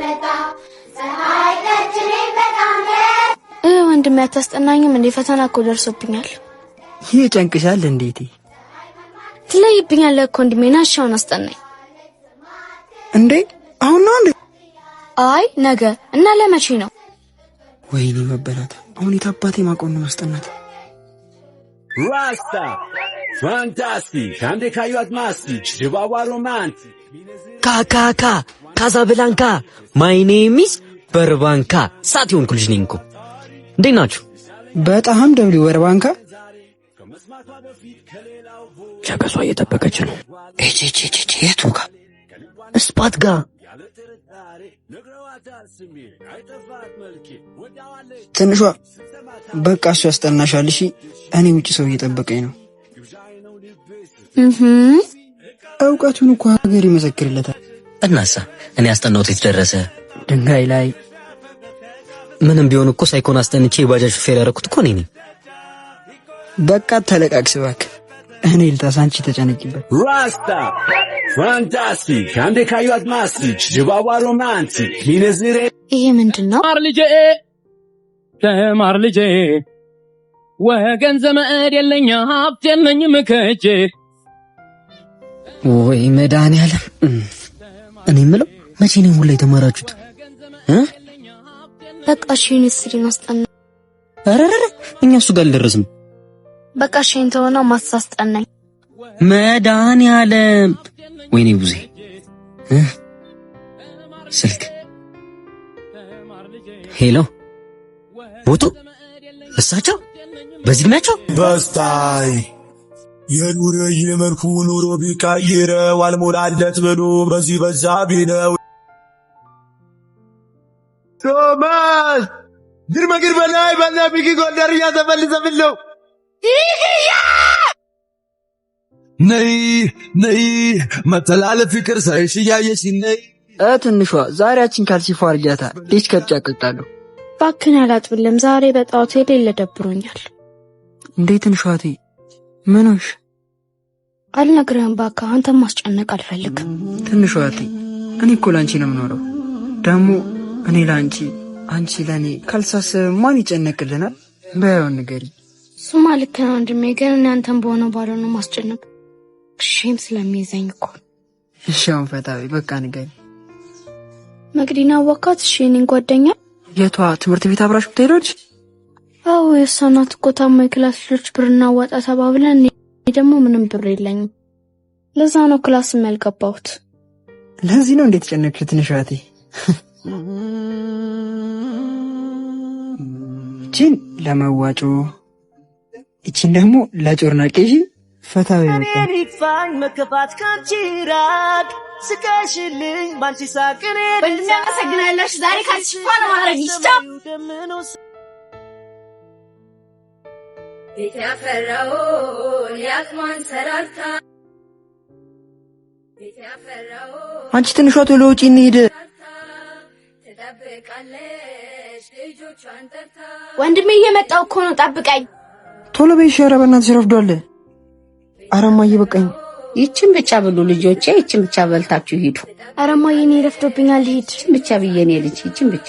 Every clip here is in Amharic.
በጠዋት ወንድሜ አታስጠናኝም እንዴ? ፈተና እኮ ደርሶብኛል። ይህ ጨንቅሻል እንዴት ትለይብኛለህ እኮ ወንድሜ። ና እሻውን አስጠናኝ እንዴ? አሁን ነው እንዴ? አይ ነገ እና ለመቼ ነው? ወይኔ መበላት! አሁን የታባቴ ማቆን ነው ማስጠናት ራስታ ፋንታስቲክ አንዴ ካዩት Mastic! Chihuahua Romantic! ካካካ ካዛብላንካ ማይ ኔም ኢዝ በርባንካ ሳት ይሆን ልጅ ነኝ እኮ እንዴት ናችሁ? በጣም ደብሊው በርባንካ ጨቀሷ እየጠበቀች ነው። የቱ ጋ እስፓት ጋ ትንሿ በቃ እሱ ያስጠናሻል። እሺ እኔ ውጭ ሰው እየጠበቀኝ ነው። እውቀቱን እኮ ሀገር ይመሰክርለታል። እናሳ እኔ አስጠናውት የተደረሰ ድንጋይ ላይ ምንም ቢሆን እኮ ሳይኮን አስጠንቼ የባጃጅ ሹፌር ያደረኩት እኮ እኔ ነኝ። በቃ ተለቃቅስ እባክህ። እኔ ልጣሳ አንቺ ተጨነቂበት። ራስታ ፋንታስቲክ አንዴ ካዩት ማስቲች ድባቧ ሮማንቲክ ሚነዝሬ። ይሄ ምንድን ነው? ማር ልጄ ተማር ልጄ ወገን ዘመድ የለኛ ሀብት የለኝ ከጄ ወይ መድኃኒዓለም፣ እኔ የምለው መቼ ነው ሁላ የተማራችሁት? በቃ እሺ ዩኒቨርሲቲን ማስጠና። ኧረ እኛ እሱ ጋር አልደረስም። በቃ እሺ እንተሆነ ማትስ አስጠናኝ። መድኃኒዓለም፣ ወይኔ ቡዜ ስልክ ሄሎ፣ ቦቱ እሳቸው በዚህ ዕድሜያቸው በስታይ የኑር የመልኩ ኑሮ ቢቀይረው አልሞላለት ብሎ በዚህ በዛ ቢነው ቶማስ ግርመ ግር በላይ በላ ቢጊ ጎንደር እያተፈልሰ ብለው ነይ ነይ መተላለ ፍቅር ሳይሽ እያየሽ ነይ ትንሿ ዛሬያችን ካልሲፎ አርጊያታ ዲች ከብጫ ቅልጣሉ ባክን አላጥብልም ዛሬ በጣዖት የሌለ ደብሮኛል። እንዴ ትንሿቴ ምኖሽ አልነግረህም ባካ፣ አንተ ማስጨነቅ አልፈልግም። ትንሿ እህቴ፣ እኔ እኮ ለአንቺ ነው የምኖረው። ደግሞ እኔ ለአንቺ፣ አንቺ ለእኔ ካልሳስ ማን ይጨነቅልናል? በያውን ንገሪ። እሱማ ልክ ነው ወንድሜ፣ ግን እኔ አንተን በሆነው ነው ማስጨነቅ ሽም ስለሚይዘኝ እኮ። እሺ ፈታዊ በቃ ንገሪ። መቅዲና አዋካት። እሺ እኔን ጓደኛ የቷ ትምህርት ቤት አብራሽ ብትሄዶች? አዎ የእሷ እናት እኮ ታማ የክላስ ልጆች ብር እናዋጣ ተባብለን እኔ ደግሞ ምንም ብር የለኝም። ለዛ ነው ክላስ ያልገባሁት። ለዚህ ነው እንዴት ጨነቅሽ ትንሽ እህቴ? እቺን ለመዋጮ እቺን ደግሞ ለጮርናቄ ፈታ ሪፋኝ መከፋት ካንቺ ራቅ ስቀሽልኝ ባንቺ ሳቅኔ በእንድሚያመሰግናላሽ ዛሬ ካንቺ ኳ ለማድረግ ይስታ ቤት ያፈራውን የአቅሟን ሰራርታ አንቺ ትንሿ ቶሎ ውጪ እንሂድ ትጠብቃለች ወንድሜ እየመጣው እኮ ነው ጠብቀኝ ቶሎ በይ ኧረ በእናትሽ ረፍዷል ኧረ በቃኝ ይችን ብቻ ብሉ ልጆቼ ይችን ብቻ በልታችሁ ሂዱ ኧረ እማዬ እኔ ረፍዶብኛል ልሂድ ይችን ብቻ ብዬ እኔ ልጅ ይችን ብቻ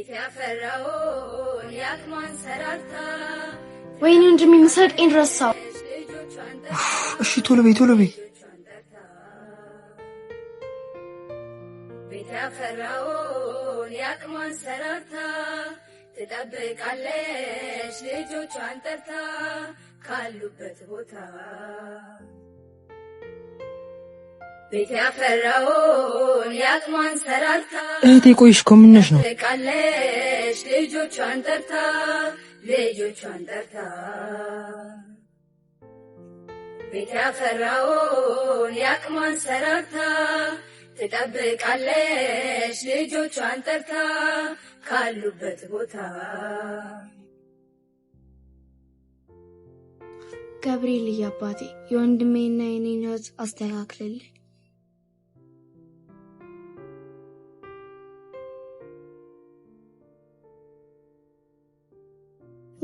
ቤት ያፈራውን የአቅሟን ሰራርታ ወይኔ እንጂ የሚመስለጤን ረሳው። እሺ ቶሎ በይ ቶሎ በይ። ቤት ያፈራውን የአቅሟን ሰራርታ ትጠብቃለች ልጆቿን ጠርታ ካሉበት ቦታ እህቴ ቆይሽ እኮ ምነሽ ነው? ልጆቿን ጠርታ ልጆቿን ጠርታ ቤት ያፈራውን ያቅሟን ሰራርታ ትጠብቃለች ልጆቿን ጠርታ ካሉበት ቦታ ገብርኤል አባቴ የወንድሜና የኔ ሕይወት አስተካክልልኝ።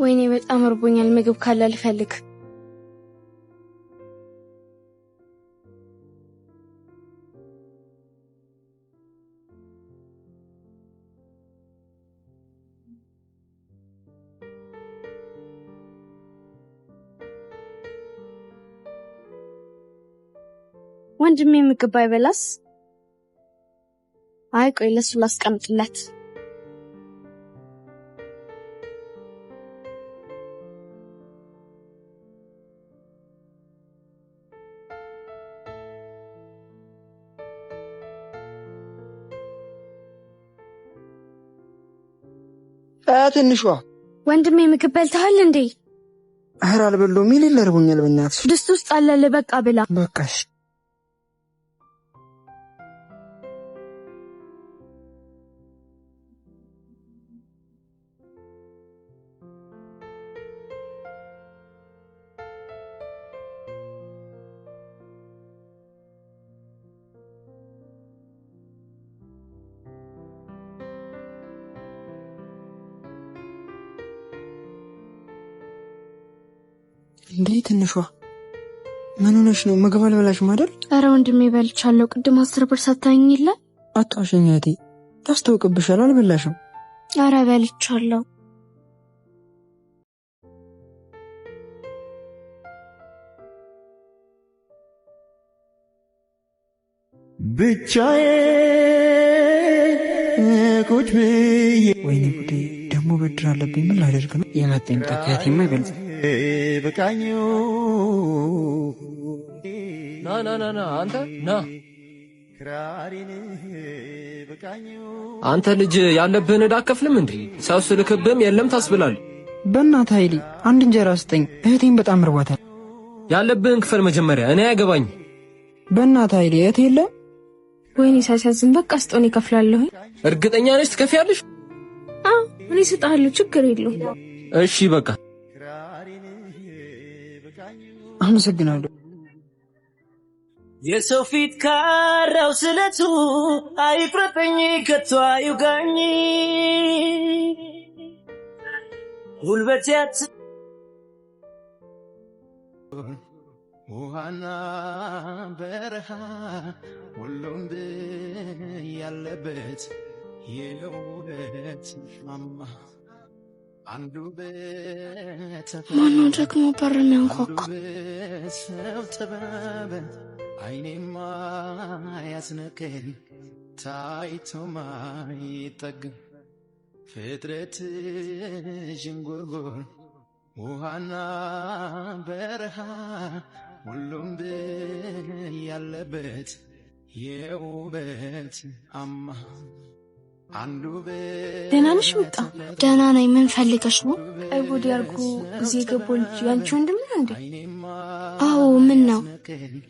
ወይኔ በጣም እርቦኛል። ምግብ ካለ ልፈልግ። ወንድሜ ምግብ ባይበላስ? አይ ቆይ ለሱ ላስቀምጥለት። ያ ትንሿ ወንድሜ ምግብ በልተሃል እንዴ? እህር አልበሎም ይል ለርቦኛል። በእናትሽ ድስት ውስጥ አለለ። በቃ ብላ በቃሽ። እንዴ ትንሿ ምን ሆነሽ ነው? ምግብ አልበላሽም ማደል? አረ ወንድሜ በልቻለሁ። ቅድም አስር ብር ሰታኝ የለ አትዋሽኝ እህቴ፣ ታስታውቅብሻል። አልበላሽም? ኧረ በልቻለሁ። ብቻዬ ቁጭ ብዬ ወይኔ ጉዴ ደግሞ ብድር አለብኝ። ምን ላደርግ ነው? የመጣኝ ምጣት የማይበልጽ በቃኝ ና ና ና ና አንተ ና አንተ ልጅ ያለብህን ዕዳ አከፍልም እንዴ? ሰው ስልክብህም የለም ታስብላል። በእናት ኃይሌ አንድ እንጀራ ስጠኝ፣ እህቴን በጣም እርቧታል። ያለብህን ክፈል መጀመሪያ፣ እኔ አይገባኝ። በእናት ኃይሌ እህት የለም። ወይኔ ሳሲያዝን፣ በቃ ስጦን ይከፍላለሁኝ። እርግጠኛ ነች ትከፍያለሽ? እኔ ስጠሃለሁ፣ ችግር የለውም። እሺ በቃ አመሰግናለሁ። የሰው ፊት ካራው ስለቱ አይፍረጠኝ ከቶ አይውጋኝ ጉልበት ያት ውሃና በረሃ ሁሉም ያለበት የውበት ማማ ማኑ ደግሞ በር የሚያንኳኳ? አይኔማ ታይቶ ማይጠግም ፍጥረት ዥንጉርጉር ውሃና በረሃ ሁሉም ብል ያለበት የውበት አማ ደህና ነሽ ምጣ። ደህና ነኝ። ምን ፈልገሽ ነው? ቀይ ቦዲ አድርጎ እዚህ የገባው ልጅ ያንቺ ወንድም ነው እንዴ? አዎ። ምን ነው?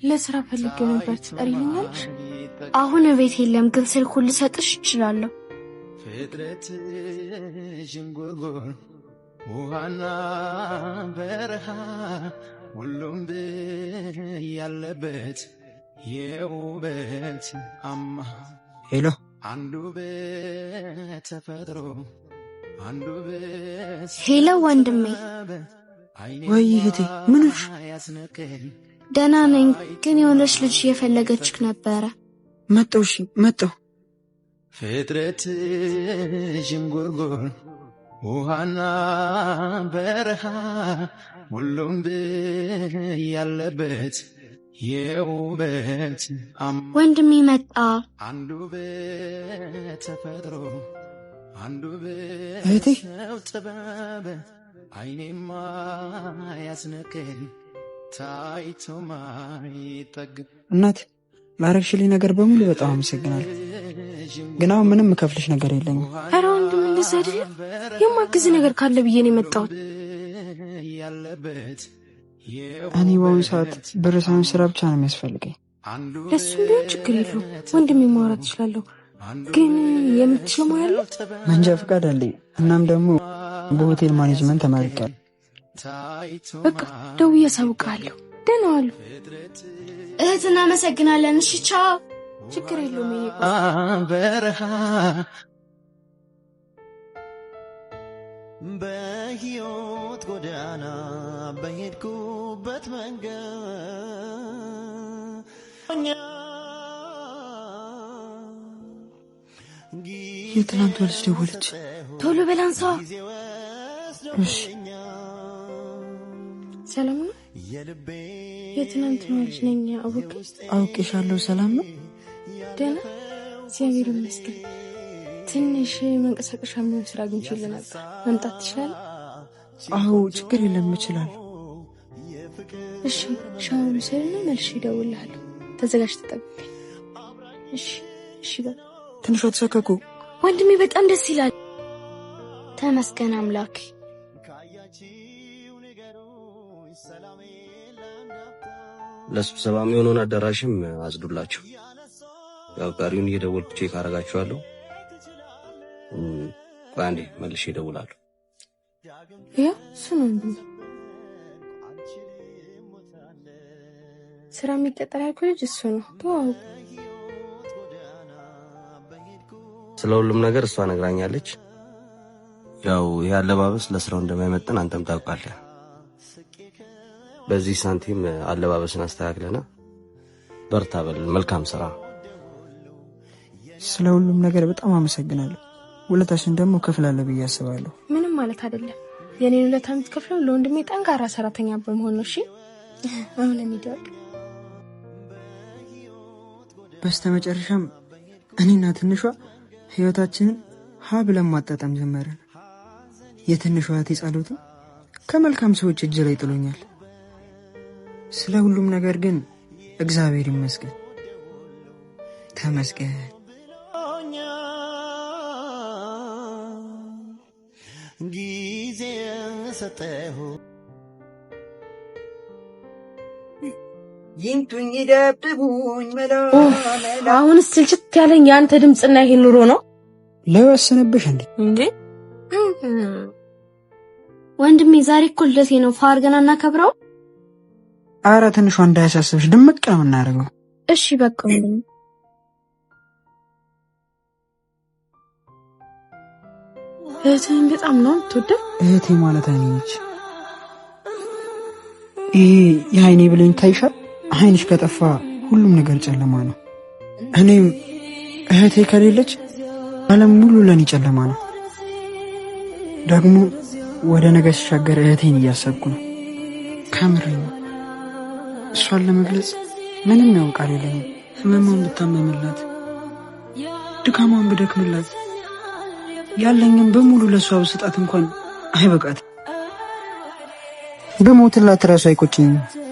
ለስራ ፈልጌው ነበር። ትጠሪልኛለሽ? አሁን እቤት የለም፣ ግን ስልኩን ልሰጥሽ እችላለሁ። ውሃና በረሃ ሁሉም ያለበት የውበት አማ ሄሎ ሄሎ ወንድሜ። ወይ እህቴ፣ ምንሽ? ደህና ነኝ፣ ግን የሆነች ልጅ እየፈለገችክ ነበረ። መጣሁ። እሺ፣ መጣሁ። ፍጥረት ዥንጉርጉር ውሃና በረሃ ሁሉም ያለበት የውበት ወንድም ይመጣ አንዱ በተፈጥሮ አንዱ በሰው ጥበብ አይኔማ ያስነክን ታይቶ ማይጠግ እናት ላረግሽልኝ ነገር በሙሉ በጣም አመሰግናለሁ። ግን አሁን ምንም ከፍልሽ ነገር የለኝም። ኧረ ወንድም እንደዚያ አይደለም። የማግዝ ነገር ካለ ብዬ ነው የመጣሁት ያለበት እኔ በአሁኑ ሰዓት ብር ሳይሆን ስራ ብቻ ነው የሚያስፈልገኝ። ለሱም ቢሆን ችግር የለው ወንድሜ፣ ማውራት እችላለሁ። ግን የምትችለው ሙያ አለ? መንጃ ፈቃድ አለኝ። እናም ደግሞ በሆቴል ማኔጅመንት ተመርቄያለሁ። በቃ ደውዬ አሳውቅሃለሁ። ደህና ዋሉ እህት፣ እናመሰግናለን። እሺ ቻው። ችግር የለውም በረሃ በሕይወት ጎዳና በሄድኩበት መንገድ የትናንት ወልጅ ደወለች። ቶሎ በላንሳ። እሺ ሰላም ነው። የትናንት ወልጅ ነኝ። አውቅሻለሁ። ሰላም ነው። ደህና እግዚአብሔር ይመስገን። ትንሽ መንቀሳቀሻ የሚሆን ስራ አግኝቼ ነበር። መምጣት ትችላለህ? አዎ፣ ችግር የለም እችላለሁ። እሺ፣ ሻወር ምስልና መልሼ እደውልልሃለሁ። ተዘጋጅ፣ ተጠብቀኝ። እሺ፣ እሺ። ትንሿ ተሳካኩ። ወንድሜ በጣም ደስ ይላል። ተመስገን አምላክ። ለስብሰባ የሚሆነውን አዳራሽም አጽዱላችሁ። ያው ቀሪውን እየደወልኩ ቼክ አደርጋችኋለሁ። ቆይ አንዴ መልሼ እደውላለሁ። ያ ስራ የሚቀጠር ያልኩህ ልጅ እሱ ነው። ስለ ሁሉም ነገር እሷ ነግራኛለች። ያው ይህ አለባበስ ለስራው እንደማይመጥን አንተም ታውቃለህ። በዚህ ሳንቲም አለባበስን አስተካክለና በርታ በል። መልካም ስራ። ስለ ሁሉም ነገር በጣም አመሰግናለሁ። ውለታሽን ደግሞ እከፍላለሁ ብዬ አስባለሁ። ምንም ማለት አይደለም። የኔን ውለታ የምትከፍለው ለወንድሜ ጠንካራ ሰራተኛ በመሆን ነው። እሺ፣ አሁን የሚደርግ በስተ መጨረሻም እኔና ትንሿ ህይወታችንን ሀ ብለን ማጣጣም ጀመርን። የትንሿ እህቴ ጸሎቱ ከመልካም ሰዎች እጅ ላይ ጥሎኛል። ስለ ሁሉም ነገር ግን እግዚአብሔር ይመስገን። ተመስገን። ጊዜ ሰጠሁ ይንቱኝ አሁን ስልችት ያለኝ የአንተ ድምፅና ይሄ ኑሮ ነው። ለወሰነብሽ እንዴ እንዴ ወንድሜ፣ ዛሬ እኮ ልደቴ ነው። ፋር ገና እናከብረው። አረ ትንሿ እንዳያሳስብሽ፣ ድምቅ ነው የምናደርገው። እሺ በቃ እህትህን በጣም ነው የምትወደው? እህቴ ማለት አይኔ ነች። ይሄ የአይኔ ብለኝ ታይሻል። አይንሽ ከጠፋ ሁሉም ነገር ጨለማ ነው። እኔም እህቴ ከሌለች ዓለም ሙሉ ለኔ ጨለማ ነው። ደግሞ ወደ ነገ ሲሻገር እህቴን እያሰብኩ ነው። ከምር እሷን ለመግለጽ ምንም ያውቃል የለኝም። ህመሟን ብታመምላት፣ ድካሟን ብደክምላት ያለኝም በሙሉ ለእሷ ብስጣት እንኳን አይበቃት። በሞትላት ራሱ አይቆጭኝም።